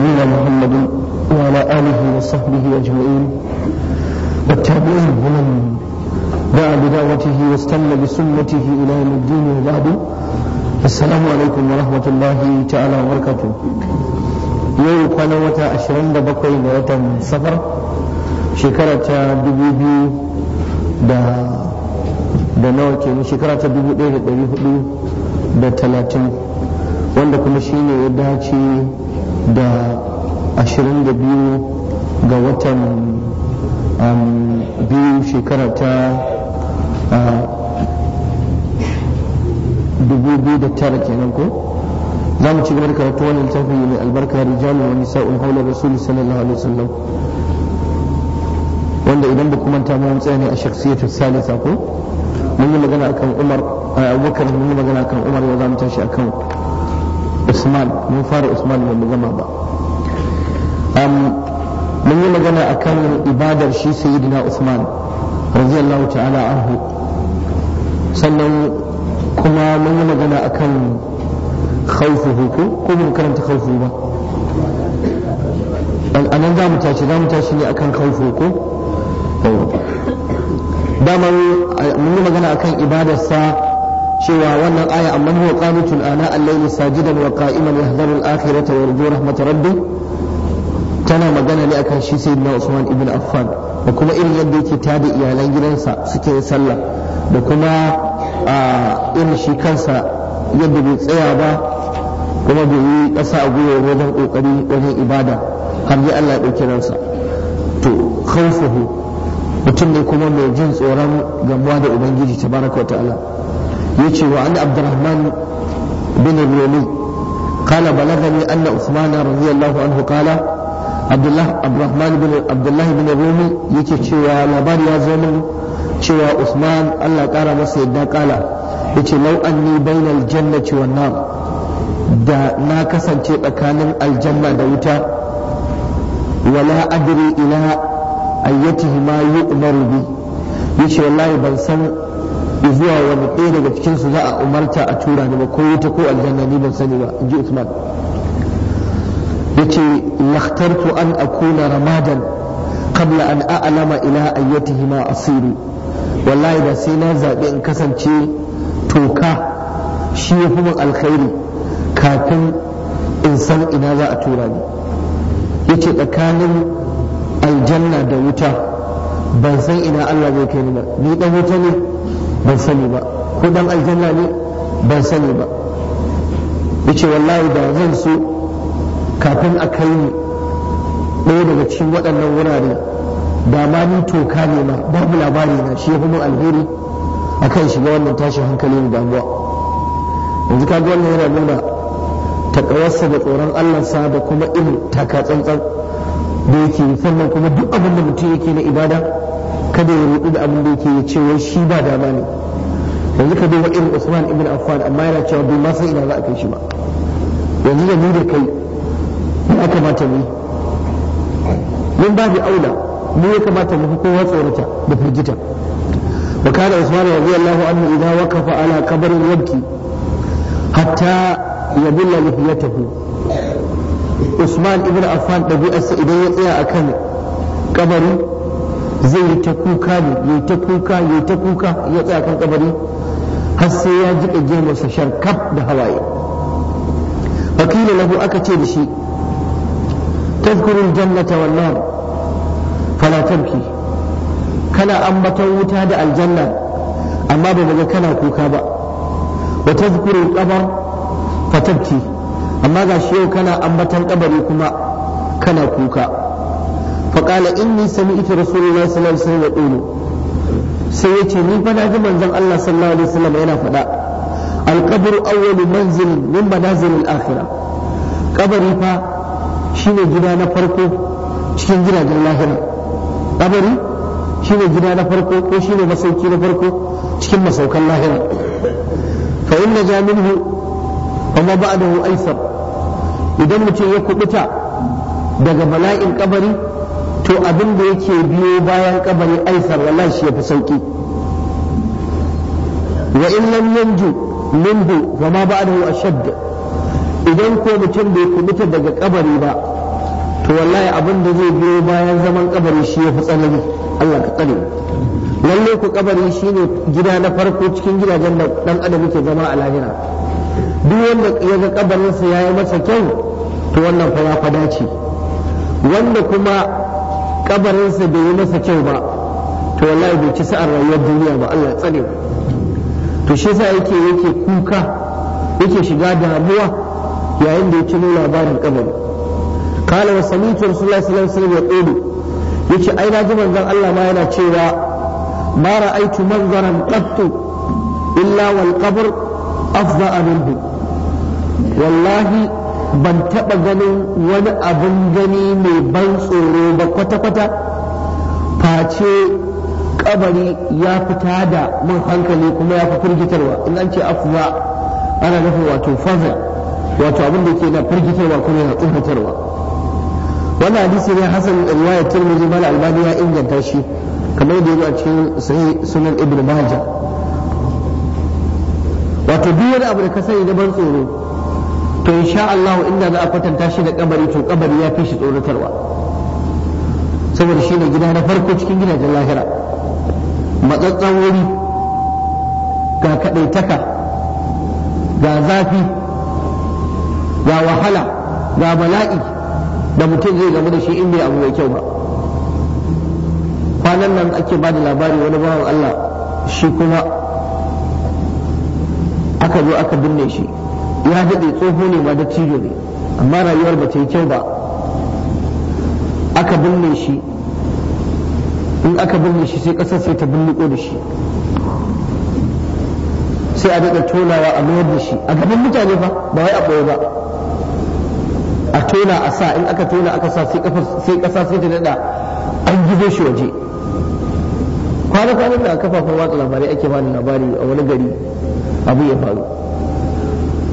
نبينا محمد وعلى آله وصحبه أجمعين والتابعين ومن دعا بدعوته واستنى بسنته إلى يوم الدين وبعد السلام عليكم ورحمة الله تعالى وبركاته yau kwana wata 27 ga watan safar shekara ta 2000 da nawa ke shekara ta 1430 wanda kuma shine ya dace da 22 ga watan um, biyu shekara ta 2009 uh, kenan ko za mu ci gaba da karatu wannan littafi mai albarka rijalun wani sa'un haula rasulu sallallahu alaihi wasallam wanda idan ba kuma ta mun tsaya ne a shakhsiyatul salisa ko mun yi magana akan Umar uh, Abubakar mun yi magana akan Umar yau za mu tashi akan usman mun fara usman ba mu ba mun yi magana a kan ibadar shi sayyidina usman radiyallahu ta'ala anhu sannan kuma mun yi magana akan khawfuhu ko ko mun karanta khawfu ba anan za mu tashi za mu tashi ne akan khawfu ko dama mun yi magana akan ibadarsa cewa wannan aya amma huwa qanitun ana al-layli sajidan wa qa'iman yahdharu al-akhirata wa yarju rabbi tana magana ne akan shi sayyidina Usman ibn Affan da kuma irin yadda yake tada iyalan gidansa suke yin sallah da kuma irin shi kansa yadda bai tsaya ba kuma bai yi ƙasa a gwiwa wajen ƙoƙari wajen ibada har dai Allah ya ɗauki ransa to khawfuhu mutum ne kuma mai jin tsoron gamuwa da ubangiji tabaraka wa ta'ala yace wa an abdurrahman bin rumi qala balagani anna usman radiyallahu anhu qala abdullah abdurrahman bin bin rumi yake cewa labari ya zo min cewa usman Allah kara masa yadda kala yace law anni bainal jannati wan nar da na kasance tsakanin aljanna da wuta wala adri ila ayyatihima yu'maru bi yace wallahi ban san da zuwa wani ɗaya daga cikinsu za a umarta a tura ni ba ko wuta ko aljanna ni ban sani ba in usman yace lakhtartu an akuna ramadan qabla an a'lama ila ma asiri wallahi da sai na zaɓi in kasance toka shi ya fi alkhairi kafin in san ina za a tura ni yace tsakanin aljanna da wuta ban san ina Allah zai kai ni ba ni dan wuta ne ban sani ba ko dan aljanna ne ban sani ba yace wallahi da zan so kafin a kai ni ɗaya daga cikin waɗannan wurare da ma ni toka ne ma babu labari na shi ya mun alheri akan shiga wannan tashin hankali da damuwa yanzu ka ga wannan yana nuna takawarsa da tsoron sa da kuma irin taka tsantsan da yake sannan kuma duk abin da mutum yake na ibada kada ya rudu da abin da yake ya ce wai shi ba dama ne yanzu ka duba irin Usman ibn Affan amma yana cewa bai ma san ina za a kai shi ba yanzu da ni da kai ya kamata mu mun babu aula mu ya kamata mu kowa tsorata da firgita wa kana Usman radiyallahu anhu idza waqafa ala qabrin yabki hatta yabulla lihiyatahu Usman ibn Affan dabi'arsa idan ya tsaya akan kabari zai yi ta kuka ne ya ta kuka ya ta kuka ya tsaya kan kabari har sai ya ji jika masa sharkaf da hawaye wakilin lahu aka ce da shi tafkurin jannata wannan fala tabki kana ambatan wuta da aljanna amma ba daga kana kuka ba wa kabar fa fatabki amma ga shi yau kana ambatan kabari kuma kana kuka فقال إني سمعت رسول الله صلى الله عليه وسلم يقول سيأتي لي فلا من الله صلى الله عليه وسلم إلى فلا القبر أول منزل من منازل الآخرة قبري فا شنو جدانا فرقو شنو جدانا الآخرة قبري shine gida na farko ko shine masauki na farko cikin masaukan lahira fa inna ja minhu wa ma ba'dahu aysar idan mutum ya kubuta daga bala'in kabari to abin da yake biyo bayan kabari aisar wallahi shi yafi sauki wa in lam yanju minhu wa ma ba'dahu ashadd idan ko mutum bai kubuta daga kabari ba to wallahi abin da zai biyo bayan zaman kabari shi yafi tsanani Allah ka tsare lalle ku kabari shine gida na farko cikin gidajen da dan adam yake zama a lahira duk wanda ya ga kabarinsa yayi masa kyau to wannan fa ya fada ce wanda kuma kabarinsa bai yi masa kyau ba to wallahi bai ci sa'ar rayuwar duniya ba Allah tsare to shi sa yake yake kuka yake shiga damuwa yayin da ya nuna labarin kabari kala wa samitu rasulullahi sallallahu alaihi wasallam ya ce ai na ji manzon Allah ma yana cewa ma ra'aitu manzaran qattu illa wal qabr afda'a minhu wallahi ban taɓa ganin wani abin gani mai ban tsoro ba kwata-kwata face kabari ya fita da mun hankali kuma ya fi firgitarwa in an ce afuwa ana nufin wato fazil wato abin da ke na firgitarwa kuma yana tsoratarwa wannan hadisi ne hasan riwayat tirmidhi mal albani ya inganta shi kamar da a cikin sahih sunan ibnu majah wato duk wani abu da ka sani na ban tsoro to Allahu Allah inda za a kwatanta shi da kabari to kabari ya fi shi tsoratarwa saboda shi ne gida na farko cikin gidajen lahira matsatsan wuri ga kadaitaka ga zafi ga wahala ga bala'i da mutum zai gamu da shi in bai abu mai kyau ba kwanan nan ake ba da labari wani bawan Allah shi kuma aka zo aka binne shi ya daɗe tsoho ne ma da cijo ne amma rayuwar ba ta yi kyau ba aka binne shi in aka binne shi sai ƙasar sai ta bulluko da shi sai a daɗa tonawa a mayar da shi a gaban mutane fa ba wai a ɓoye ba a tona a sa in aka tona aka sa sai ƙasa sai ta daɗa an gizo shi waje kwana da a kafafen watsa labarai ake bani labari a wani gari abu ya faru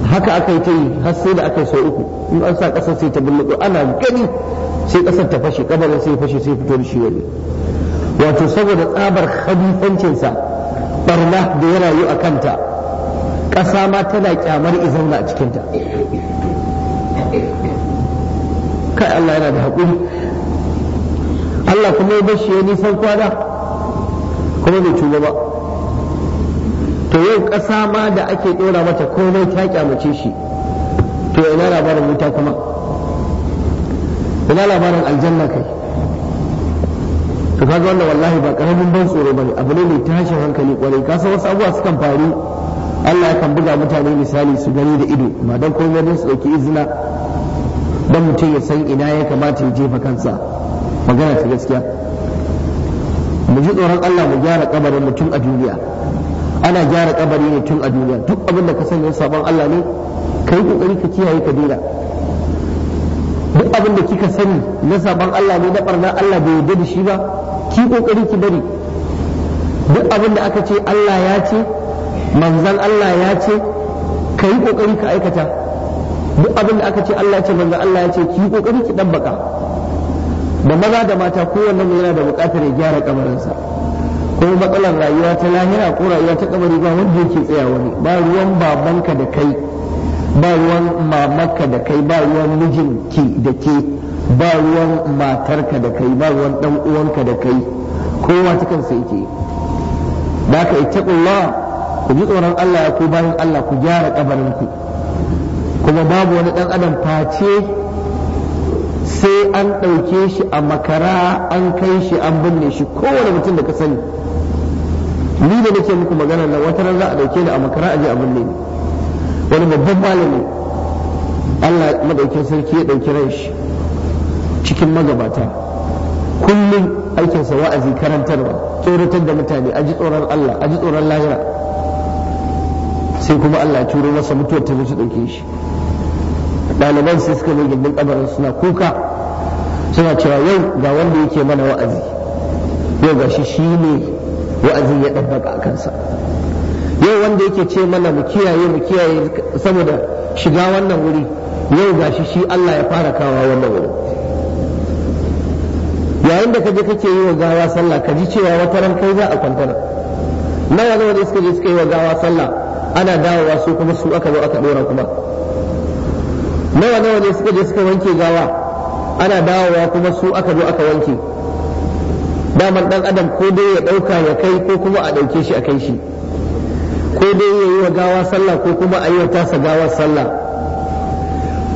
haka aka yi ta yi har sai da aka so uku in an sa ƙasar sai ta bulluɗo ana gani sai ƙasar ta fashe kabarin sai fashe sai fito da shi wani, wato saboda tsabar hadifancinsa barna da ya rayu a kanta ƙasa ma tana kyamar izanna a cikinta kai Allah yana da haƙuri Allah kuma ya bashi ya nisan kwana kuma bai tuba ba to yau ƙasa ma da ake ɗora mata komai ta kyamace shi to ina labarin wuta kuma ina labarin aljanna kai to kaga wannan wallahi ba karamin ban tsoro bane abu ne mai tashin hankali kwarai ka wasu abubuwa sukan faru Allah kan buga mutane misali su gani da ido ba dan komai don su dauki izina dan mutum ya san ina ya kamata ya jefa kansa magana ta gaskiya mu ji tsoron Allah mu gyara kabarin mutum a duniya ana gyara kabari ne tun a duniya duk abin da ka sani sabon Allah ne ka yi kokari ka kiyaye ka daina duk abin da kika sani na sabon Allah ne na barna Allah bai yarda da shi ba ki kokari ki bari duk abin da aka ce Allah ya ce manzan Allah ya ce ka yi kokari ka aikata duk abin da aka ce Allah ya ce manzan Allah ya ce ki yi kokari ki dabbaka da maza da mata kowanne yana da bukatar ya gyara sa ko matsalar rayuwa ta lahira ko rayuwa ta kabari ba wanda yake tsaya wani ba ruwan babanka da kai ba ruwan mamaka da kai ba ruwan mijinki da ke ba ruwan matarka da kai ba ruwan dan uwanka da kai kowa ta kansa yake ba ka ittaqullah ku ji tsoron Allah ya ku bayan Allah ku gyara kabarin kuma babu wani dan adam face sai an ɗauke shi a makara an kai shi an binne shi kowane mutum da ka sani ni da nake muku magana na wata ran za a ɗauke ni a makara a je a binne ni wani babban malami Allah madaukin sarki ya ɗauki ran shi cikin magabata kullum aikinsa wa'azi karantarwa tsoratar da mutane a ji tsoron Allah a ji tsoron lahira sai kuma Allah ya turo masa mutuwar ta zuci ɗauke shi ɗaliban sai suka zo gindin kabarin suna kuka suna cewa yau ga wanda yake mana wa'azi yau ga shi shi ne wa'azi ya ɗabbaka a kansa yau wanda yake ce mana mu kiyaye mu kiyaye saboda shiga wannan wuri yau ga shi shi Allah ya fara kawo wannan wuri yayin da kaje kake yi wa gawa sallah kaji cewa wata ran kai za a na nawa nawa ne suka je suka yi wa gawa sallah ana dawowa su kuma su aka zo aka dora kuma nawa nawa ne suka je suka wanke gawa ana dawowa kuma su aka zo aka wanke daman dan adam ko dai ya dauka ya kai ko kuma a dauke shi a kai shi ko dai ya yi wa gawa sallah ko kuma a yi wa tasa gawar sallah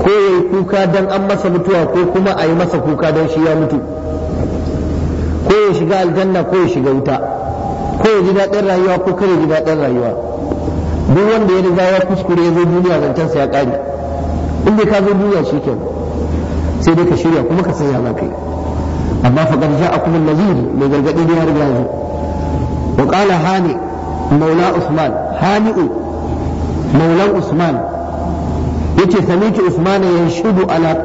ko ya yi kuka dan an masa mutuwa ko kuma a yi masa kuka dan shi ya mutu ko ya shiga aljanna ko ya shiga wuta ko ya ji daɗin rayuwa ko kare ji daɗin rayuwa duk wanda ya riga ya kuskure ya zo duniya zancensa ya ƙare in bai ka zo duniya shi kenan sai dai ka shirya kuma ka sanya za ka yi amma fa garja a kuma nazir mai gargaɗi ne ya riga zo wa qala hani maula usman hani'u Maulan usman yace sami'tu usman yanshudu ala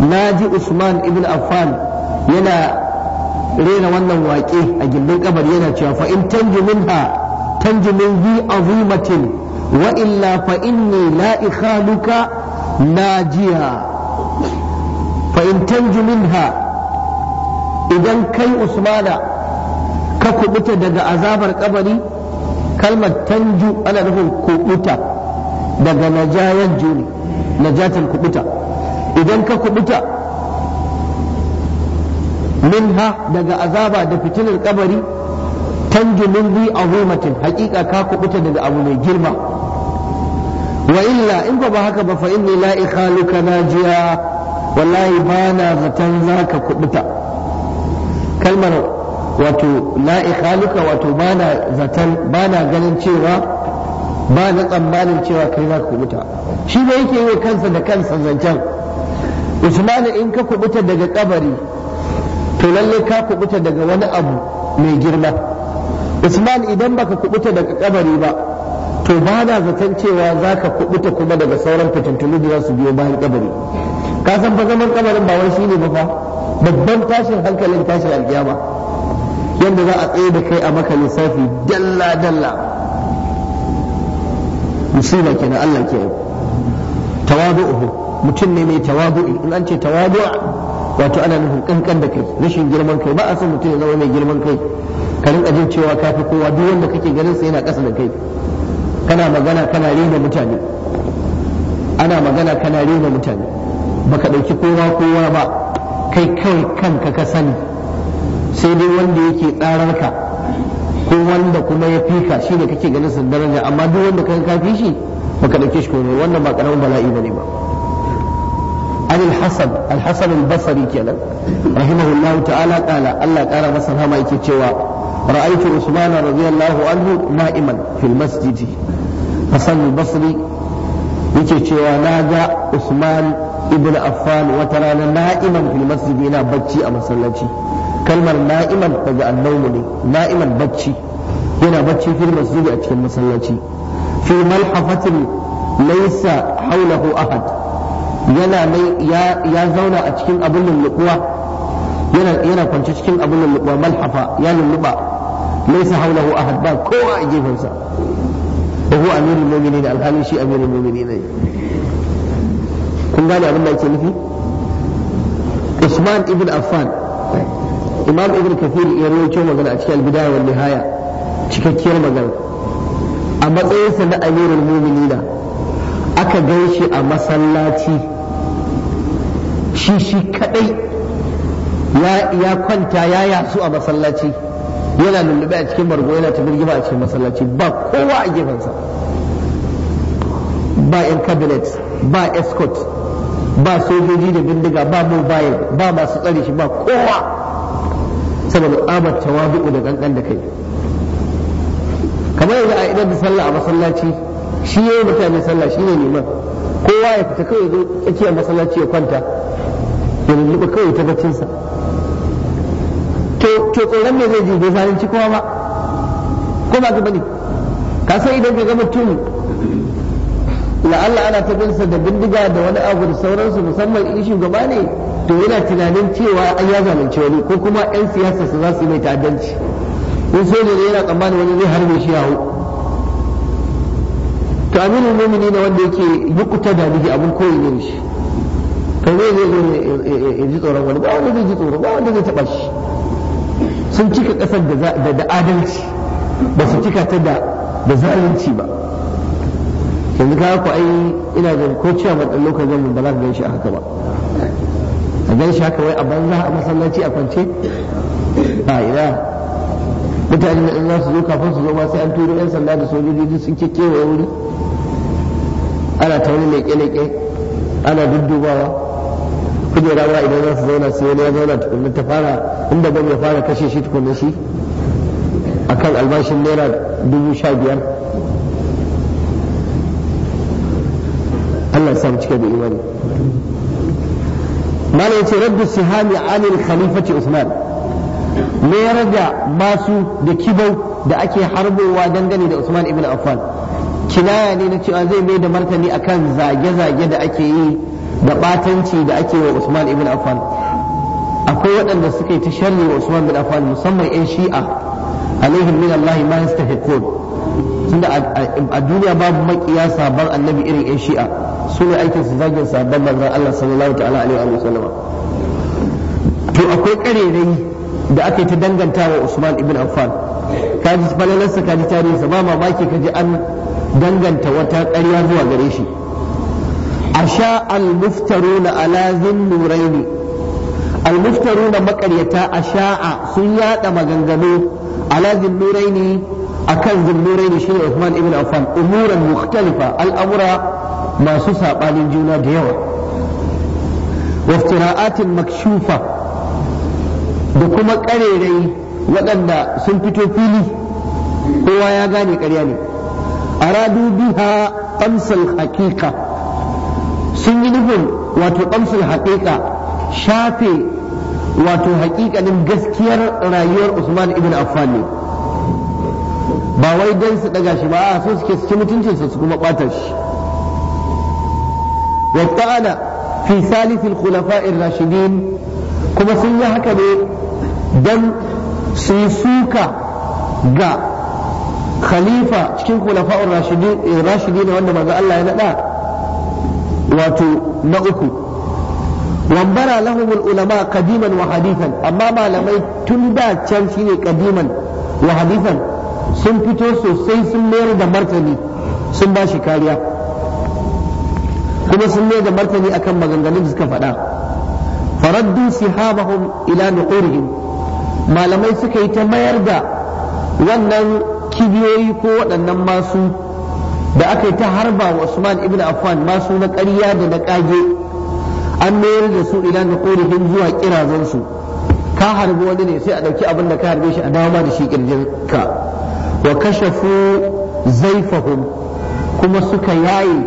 Na naji usman ibn affan yana rera wannan waƙe a gindin kabar yana cewa fa in tanju minha tanju min zi azimatin wa illa fa inni la ikhaluka najiya fa in tanju minha idan kai usmana ka kubuta daga azabar kabari kalmar tanju ana nufin kubuta daga najayan juni najatul kubuta idan ka kubuta minha daga azaba da fitilar kabari tanju min bi azimatin haƙiƙa ka kubuta daga abu mai girma wa illa in ba ba haka ba fa inni la ikhaluka najiya wallahi ba na zaton zaka kubuta kalmar wato la ikhaluka wato ba na zaton ba na ganin cewa ba na tsammanin cewa kai zaka ka kubuta shi ne yake yi kansa da kansa zancen usman in ka kubuta daga kabari to lalle ka kubuta daga wani abu mai girma usman idan baka kubuta daga kabari ba to ba na zaton cewa za ka kubuta kuma daga sauran fitintunu da za su biyo bayan kabari ka san fa zaman kabarin ba wai shine ba fa babban tashin hankalin tashin alkiyama yadda za a tsaye da kai a maka lissafi dalla dalla musiba kenan Allah ke tawadu'u mutum ne mai tawadu'i in an ce tawadu'a wato ana nufin kankan da kai rashin girman kai ba a son mutum ya zama mai girman kai ka rinka jin cewa ka fi kowa duk wanda kake ganin sa yana ƙasa da kai kana magana kana rena mutane ana magana kana rena mutane baka ɗauki kowa kowa ba kai kai kanka ka sani sai dai wanda yake tsarar ka ko wanda kuma ya fi ka shine kake ganin sa daraja amma duk wanda kan ka fi shi baka ɗauke shi komai wannan ba karamin bala'i bane ba عن Al الحسن البصري كان رحمه الله تعالى قال الله قال مثلا ما cewa. رأيت عثمان رضي الله عنه نائما في المسجد حسن البصري yake cewa na ga Usman ibn Affan wata rana na'iman fil masjid yana bacci a masallaci kalmar na'iman daga annaumu ne na'iman bacci yana bacci fil masjid a cikin masallaci fi malhafatin laysa ahad ya zauna a cikin abin lulluɓuwa yana kwance cikin abin lulluɓuwa malhafa ya lulluɓa laysa haulahu ahad ba kowa a gefensa wa huwa amirul mu'minin shi amirul mu'minin ne kun gane abin da ake nufi Usman ibn Affan Imam Ibn Kathir ya rawaito magana a cikin al-Bidaya wal cikakkiyar magana a matsayinsa na amirul mu'minina aka gaishe a masallaci shi shi kadai ya kwanta ya yasu a masallaci yana lullube a cikin bargo yana ta birgima a cikin masallaci ba kowa a gefensa ba yan cabinet ba escort ba sojoji da bindiga ba mobile ba masu tsare shi ba kowa saboda tsabar tawadu da kankan da kai kamar yanzu a idan da sallah a masallaci shi yayi mutane sallah shi ne liman kowa ya fita kawai zo tsakiyar masallaci ya kwanta ya lullube kawai ta baccinsa to tsoron me zai ji bai ci kowa ba ko ba ka bane ka san idan ka ga mutum Allah ana ta binsa da bindiga da wani abu da sauransu musamman in shugaba ne to yana tunanin cewa an ya zalunci wani ko kuma 'yan siyasa su za su yi mai ta'addanci in so ne yana tsammanin wani zai harbe shi yawo to aminu mumini na wanda yake yukuta da biki abin koyi ne shi kai zai zo ya ji tsoron wani ba wanda zai ji tsoro ba wanda zai taba shi sun cika ƙasar da adalci ba su cika ta da zalunci ba yanzu ka ku ai ina da ko cewa ɗan lokacin zamu ba za ka gan shi haka ba a gan shi haka wai a banza a masallaci a kwance ba ina mutane da za su zo kafin su zo ma sai an turo yan sanda da sojoji duk sun kekewaye wuri ana ta wani leƙe-leƙe ana duddubawa kujera ma idan za su zauna sai wani ya zauna tukunin ta fara inda gwam ya fara kashe shi tukunin shi kan albashin naira dubu sha biyar Allah samu cika da imani mana yace raddu sihami anil khalifati Usman ne raga masu da kibau da ake harbowa dangane da Usman ibn Affan kinaya ne na cewa zai mai da martani akan zage-zage da ake yi da batanci da ake wa Usman ibn Affan akwai waɗanda suka yi ta sharri wa Usman ibn Affan musamman 'yan Shi'a alaihim min Allah ma yastahiqun tunda a duniya babu makiya sabon annabi irin 'yan Shi'a su ne aikin su zagin sabon manzon Allah sallallahu ta'ala alaihi wa sallama to akwai karerai da aka yi ta danganta wa Usman ibn Affan kaji falalarsa kaji tarihinsa ba mamaki kaji an danganta wata ƙarya zuwa gare shi asha al-muftaruna ala zinnuraini al-muftaruna sun yada maganganu ala zinnuraini akan zinnuraini shine Uthman ibn Afan, umuran mukhtalifa al'amura masu sabanin juna da yawa waftira'atin makshufa da kuma ƙararai waɗanda sun fito fili kowa ya gane ƙarya ne aradu biha amsal haqiqa sun yi nufin wato ƙamsul haƙiƙa shafe wato haƙiƙanin gaskiyar rayuwar usman ibn affan ba wai don su ɗaga shi ba a so suke suke mutuncin su kuma ɓata shi ana fi Salifin khulafa'ir rashidin kuma sun yi haka ne don su yi suka ga khalifa cikin khulafa'ur rashidin eh, wanda maza Allah ya naɗa wato na uku wambara lahumul ulama kadiman wa hadithan amma malamai tun da can shine kadiman wa hadithan sun fito sosai sun mayar da martani sun ba shi kariya kuma sun mayar da martani akan maganganun da suka faɗa faraddu sihabahum ila nuqurihim malamai suka yi ta mayar da wannan kibiyoyi ko waɗannan masu da aka yi ta harba wa Usman ibn Affan masu na ƙarya da na ƙage an mayar da su ila na ƙorifin zuwa ƙirazansu ka harbi wani ne sai a ɗauki abin da ka harbe shi a dama da shi ka wa kashafu zaifahum kuma suka yaye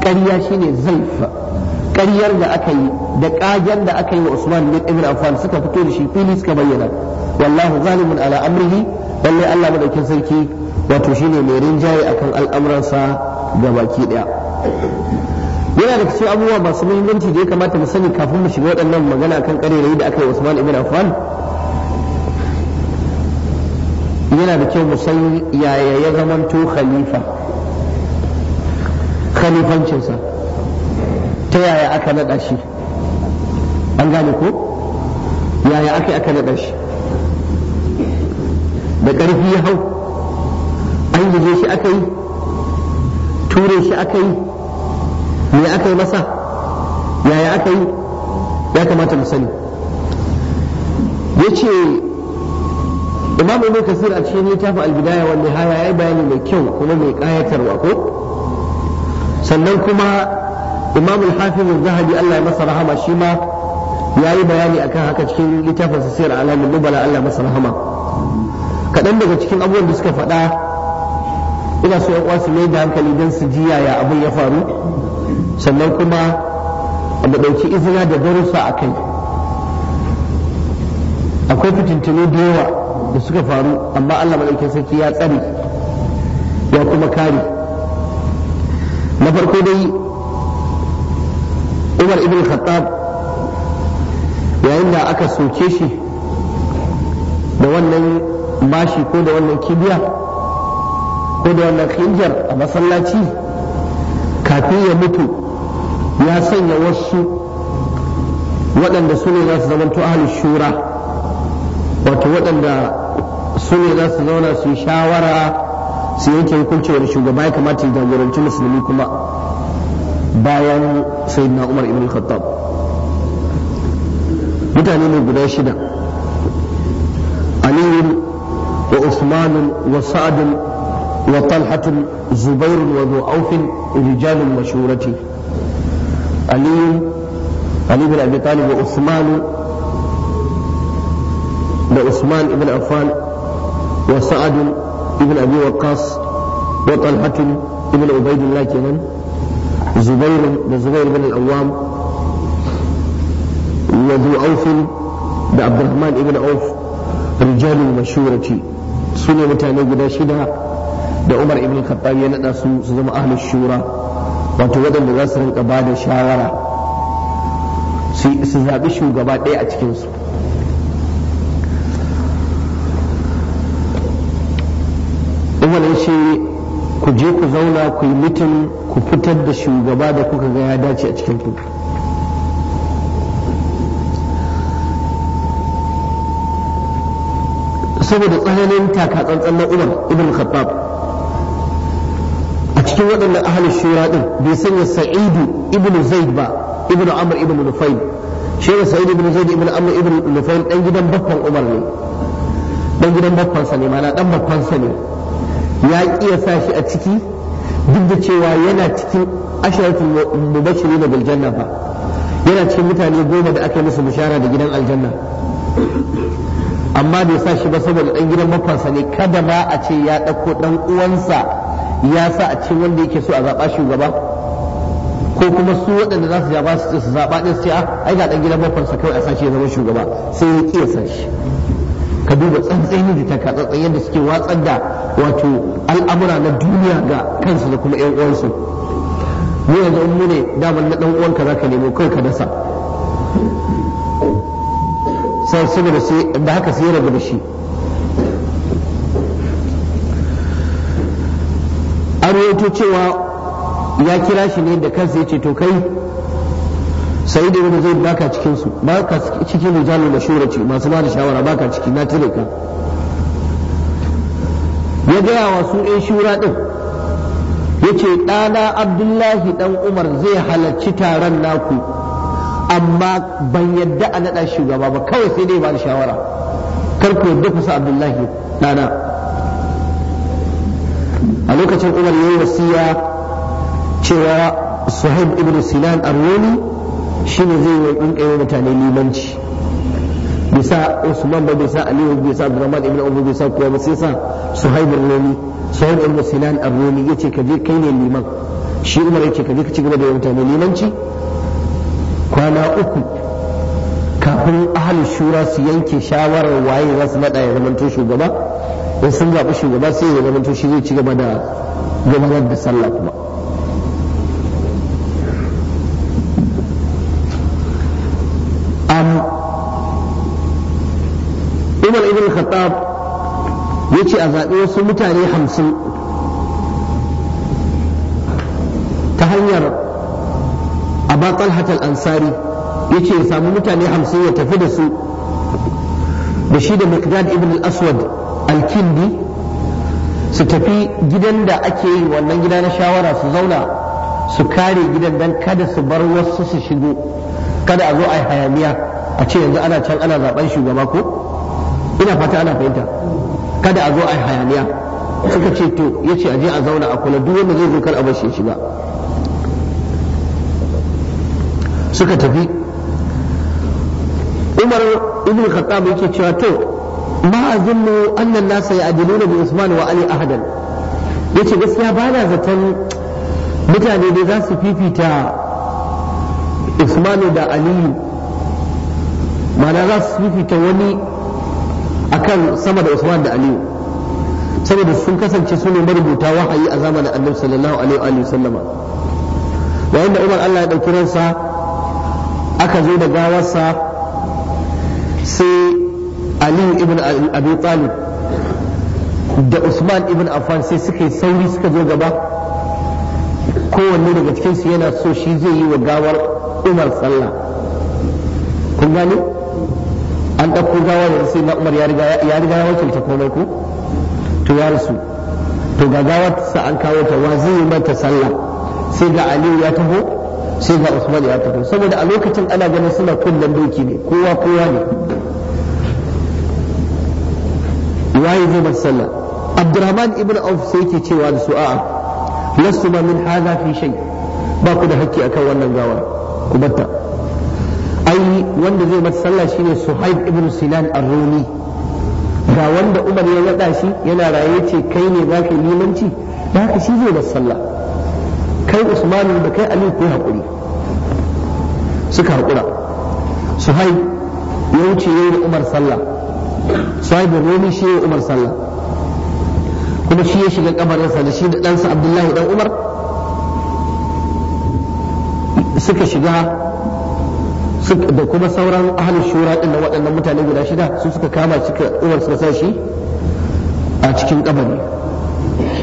ƙarya shine zaifa ƙaryar da aka yi da ƙagen da aka yi wa Usman ibn Affan suka fito da shi fili suka bayyana wallahu zalimun ala amrihi lallai Allah madaukin sarki wato shine mai rinjaye akan al'amuransa ga baki ɗaya. yana da cikin abubuwa masu muhimmanci da ya kamata mu sani kafin mu shiga waɗannan magana akan ƙarerayi da aka yi Usman ibn Affan yana da kyau mu san yaya ya zamanto khalifa khalifancinsa ta yaya aka naɗa shi an gane ko yaya aka aka naɗa shi da ƙarfi ya hau an gije shi aka yi ture shi aka yi me aka yi masa yaya aka yi ya kamata mu sani yace imamu ibn kasir a cikin littafin al-bidaya haya ya yayi bayani mai kyau kuma mai kayatarwa ko sannan kuma imam al-hafiz zahabi Allah ya masa rahama shi ma yayi bayani akan haka cikin littafin sirr alamin nubala Allah ya masa rahama kaɗan daga cikin abubuwan da suka faɗa ina so yan uwa su mai da hankali don su ji yaya abin ya faru sannan kuma a ɗauki izina da darussa a kai akwai fitintunu da yawa da suka faru amma Allah maɗaukin sarki ya tsare ya kuma kare na farko dai umar ibn khattab yayin da aka soke shi da wannan mashi ko da wannan kibiya ko da wannan khinjar a masallaci kafin ya mutu ya sanya wasu waɗanda su ne za su zamanto ahli shura wato waɗanda su ne za su zauna su yi shawara su yanke hukunci wani shugaba ya kamata ya jagoranci musulmi kuma bayan sayyidina umar ibn khattab mutane ne guda shida aliyu wa usmanu wa sa'adun وطلحة زبير وذو أوف رجال المشورة علي علي بن أبي طالب وعثمان وعثمان بن عفان وسعد بن أبي وقاص وطلحة بن عبيد الله كمان زبير بن زبير بن الأوام وذو أوف عبد الرحمن بن عوف رجال المشورة سنة متى نجد شدها da Umar ibn Khattab ya nada su su zama ahli shura wato waɗanda za su rinka ba da shawara su zaɓi shugaba ɗaya a cikinsu Umar ya ce ku je ku zauna ku yi mutum ku fitar da shugaba da kuka ga ya dace a cikin ku saboda tsananin takatsantsan na Umar ibn Khattab cikin waɗannan ahli shura din bai sanya sa'idu ibnu zaid ba ibnu amr ibnu nufail shi ne sa'idu ibnu zaid ibnu amr ibnu nufail ɗan gidan baffan umar ne Ɗan gidan baffan sa ne mana ɗan baffan sa ne ya kiya sa shi a ciki duk da cewa yana cikin asharatul mubashirin bil janna ba yana cikin mutane goma da aka yi musu bishara da gidan aljanna amma bai sa shi ba saboda ɗan gidan mafansa ne kada ma a ce ya ɗauko ɗan uwansa ya sa a cikin wanda yake so a zaɓa shugaba ko kuma su waɗanda za su zaɓa su zaɓa ɗin su ce ah, ai ga ɗan gidan bafansa kawai a sashi ya zama shugaba sai ya ƙi ya sashi ka duba tsantsayin da ka tsantsan yadda suke watsar da wato al'amura na duniya ga kansu da kuma 'yan uwansu mu yanzu in mu ne daman na ɗan uwanka za ka nemo kai ka dasa sai saboda da haka sai ya rabu da shi an rawaito cewa ya kira shi ne da kansa ya ce to kai sai da wani zai baka cikin su baka cikin rijalu da shura ce masu ba da shawara baka ciki na tare ka ya gaya wa su ɗan shura ɗin ya ce ɗana abdullahi ɗan umar zai halarci taron naku amma ban yadda a naɗa shugaba ba kawai sai dai ba da shawara kar ku yadda kusa abdullahi ɗana a lokacin umar yayi wasiya cewa suhaib ibn sinan arwani shine zai yi kankaye mutane limanci bisa usman ba bisa aliyu bisa abdurrahman ibn abu bisa kuwa ba sai sa suhaib arwani suhaib ibn sinan arwani yace ka je kai ne liman shi umar yace ka je ka ci gaba da mutane limanci kwana uku kafin ahalin shura su yanke shawarar waye za su naɗa ya zamanto shugaba in sun zaɓi shugaba sai ya zama to shi zai ci gaba da gudanar da sallah kuma umar ibn khattab ya ce a zaɓi wasu mutane hamsin ta hanyar a abu talhatal ansari ya ce ya samu mutane hamsin ya tafi da su da shi da mikdad ibn al-aswad alkindi su tafi gidan da ake yi wannan gida na shawara su zauna su kare gidan don kada su bar wasu su shigo kada a zo a yi hayaniya a ce yanzu ana can ana zaben shugaba ko ina fata ana fahimta kada a zo a yi hayaniya suka ce to ya ce aje a zauna a kula duk wanda zai zo kar a bar shi shiga suka tafi umar ibn khattab yake cewa to ma azunnu anna an-nas ya'diluna bi Usman wa Ali ahadan yace gaskiya ba na zaton mutane da za su fifita Usman da aliyu mana za su fifita wani akan sama da Usman da aliyu saboda sun kasance su ne marubuta wahayi a zamanin Annabi sallallahu alaihi wa sallama yayin da Umar Allah ya dauki ransa aka zo da gawarsa sai Ali ibn Abi Talib da Usman ibn Affan sai suka yi sauri suka zo gaba kowanne daga cikinsu yana so shi zai yi wa gawar Umar sallah kun gani? an ɗauko gawa da sai na Umar ya riga ya wakilta komai ko to ya rasu to ga gawar sa an kawo ta wa zai yi mata sallah sai ga Aliyu ya taho sai ga Usman ya taho saboda a lokacin ana ganin suna kullum doki ne kowa kowa ne waye zai bar sallah abdurrahman ibn auf sai yake cewa da su a'a lastu ma min fi shay ba ku da hakki akan wannan gawar ku batta ai wanda zai bar sallah shine suhaib ibn sinan ar-rumi ga wanda umar ya nada shi yana raye ce kai ne zaka limanci haka shi zai bar sallah kai usman da kai ali ku hakuri suka hakura suhaib ya wuce yayin umar sallah sahibin rumi shi ne umar sallah kuma shi ya shiga kabarinsa da shi da ɗansa abdullahi dan umar suka shiga da kuma sauran ahli shura ɗin waɗannan mutane guda shida su suka kama cikin umar suka sa shi a cikin kabari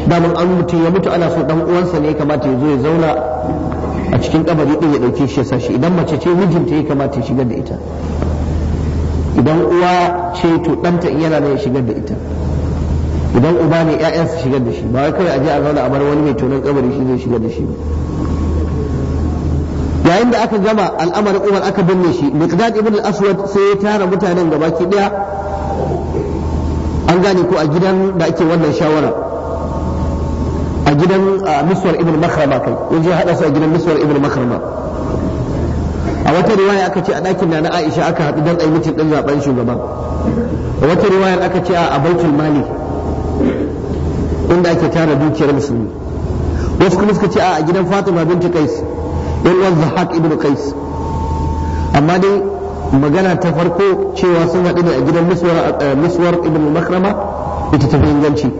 daman an mutum ya mutu ana so dan uwansa ne ya kamata ya zo ya zauna a cikin kabari ɗin ya ɗauke shi ya sa shi idan mace ce mijinta ya kamata ya shiga da ita idan uwa ce to ɗanta in yana ne ya shigar da ita idan uba ne ƴaƴan su shigar da shi ba wai kawai a je a zauna a bar wani mai tunan kabari shi zai shigar da shi ba yayin da aka gama al'amarin umar aka binne shi miqdad ibn al-aswad sai ya tara mutanen ki daya an gane ko a gidan da ake wannan shawara a gidan miswar ibn makhrama kai yaje hada su a gidan miswar ibn makhrama a wata riwaya aka ce a ɗakin na na Aisha aka haɗu don ayi mutum ɗin zaben shugaba a wata riwaya aka ce a baitul mali inda ake tara dukiyar musulmi wasu kuma suka ce a gidan Fatima binti Kais, ɗan uwan Zahaq ibn amma dai magana ta farko cewa sun haɗu ne a gidan Miswar ibn Makrama ita ta fi inganci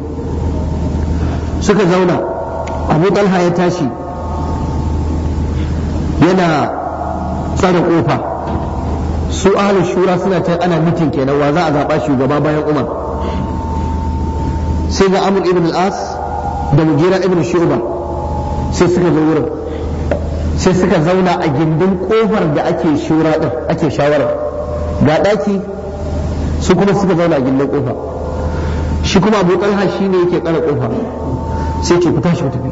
suka zauna Abu Talha ya tashi yana tsare kofa su ahlus shura suna can ana mitin kenan wa za a zaɓa shugaba bayan umar sai ga amur ibn al-as da mugera ibn shu'ba sai suka zo wurin sai suka zauna a gindin kofar da ake shura din ake shawara ga daki su kuma suka zauna a gindin kofa shi kuma abu talha ne yake ƙara kofa sai ce ku tashi ku tafi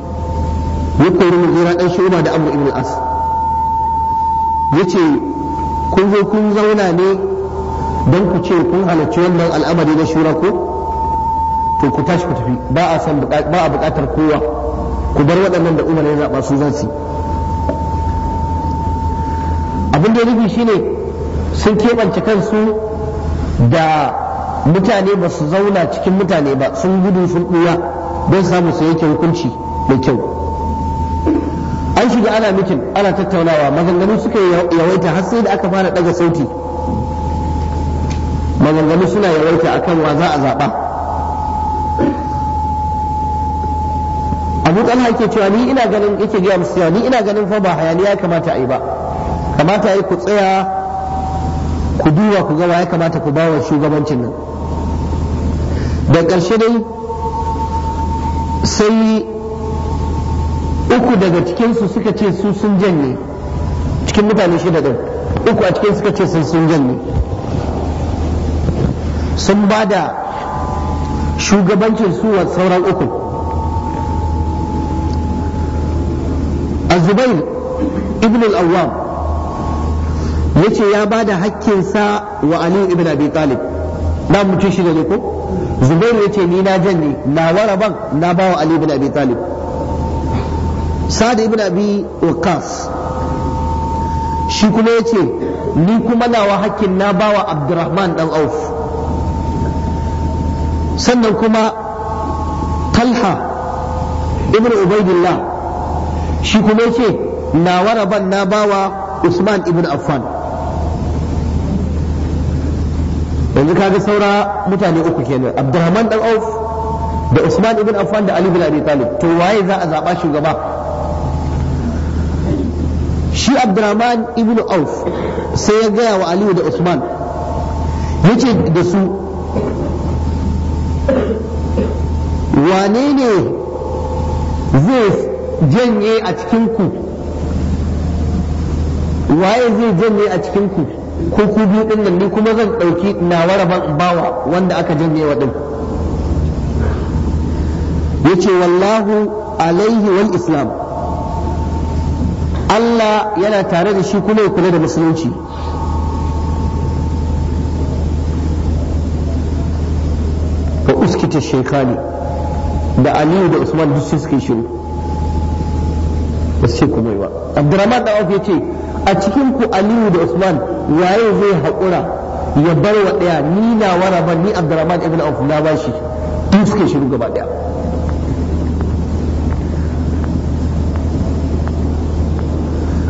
yi kori mugira ɗan shu'ba da amur ibn al-as yace kun zo kun zauna ne don ku ce kun halarci wannan al'amari na shura ko to ku tashi ku tafi ba a buƙatar kowa ku bar waɗannan da umar ya zaɓa su za su abin da nufi shine sun keɓance kansu da mutane ba su zauna cikin mutane ba sun gudu sun ɗuya don samu su yake hukunci mai kyau an shiga ana mikin ana tattaunawa maganganu suka yawaita har sai da aka fara daga sauti maganganu suna yawaita akan wa za a zaɓa abu talha hake cewa ni ina ganin yake gaya musu ni ina ganin fa ba hayaniya kamata a yi ba kamata a ku tsaya ku duba ku gawa ya kamata ku bawa shugabancin nan da ƙarshe dai sai uku daga cikinsu suka ce su sun janye cikin mutane shida din uku a cikin suka ce sun sun janye sun ba da shugabancin su wa sauran uku azubair ibn al-awwam ya ce ya ba da hakkinsa wa ali ibn abi talib na mutum shida ne ko zubairu ya ce ni na janye na waraban na bawa ali ibn abi talib sa'ad ibn abi waqas shi kuma yace ni kuma nawa hakkin na bawa abdurrahman dan auf sannan kuma talha ibn ubaidillah shi kuma yace nawa raban na bawa usman ibn affan yanzu kaga saura mutane uku kenan abdurrahman dan auf da usman ibn affan da ali bin abi talib to waye za a zaba shugaba shi abdurrahman ibn auf sai ya gaya wa aliyu da usman ya ce da su wane ne zai janye a cikinku waye zai janye a cikinku ko ku biyu din nan ni kuma zan ɗauki nawa bawa wanda aka janye wa din yace wallahu alaihi wal islam Allah yana tare da shi kuma ya kula da musulunci ka uskita shekani da aliyu da usman duk sai suke shiru ba su ce kuma yi ba abdurrahman da ya ce a cikin ku aliyu da usman waye zai haƙura ya bar wa ɗaya ni na wara ban ni abdurrahman ibn auf na bashi duk suke shiru gaba ɗaya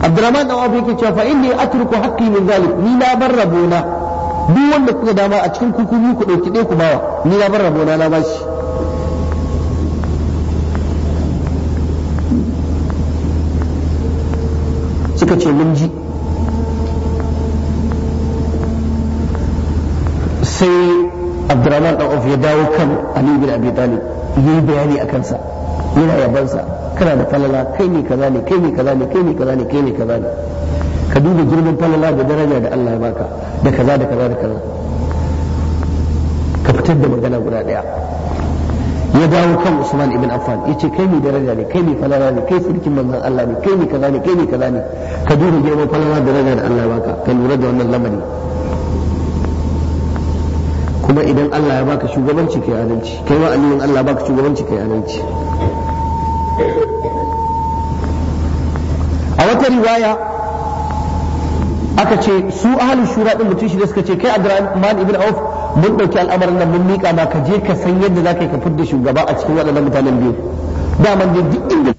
abdurrahman dan abu yake cewa fa inni atruku haqqi min zalik ni na bar rabona duk wanda kuka dama a cikin kukuni ku dauki ɗaya ku bawa ni na bar rabona na bashi suka ce mun ji sai abdurrahman dan ya dawo kan ali bin abi talib yi bayani akan kana da falala kai ne kaza ne kai ne kaza ne kai ne kaza ne kai ne kaza ne ka duba girman falala da daraja da Allah ya baka da kaza da kaza da kaza ka fitar da magana guda daya ya dawo kan Usman ibn Affan yace kai ne daraja ne kai ne falala ne kai sirkin manzon Allah ne kai ne kaza ne kai ne kaza ne ka duba girman falala da daraja da Allah ya baka ka lura da wannan lamari kuma idan Allah ya baka shugabanci kai adalci kai ma aliyin Allah baka shugabanci kai adalci a wata riwaya aka ce su ahalin shura din mutum shida suka ce kai Abdurrahman ibn Auf mun dauki al'amarin nan mun mika ma ka je ka san yadda zaka yi ka fidda shugaba a cikin waɗannan mutanen biyu da dai duk inda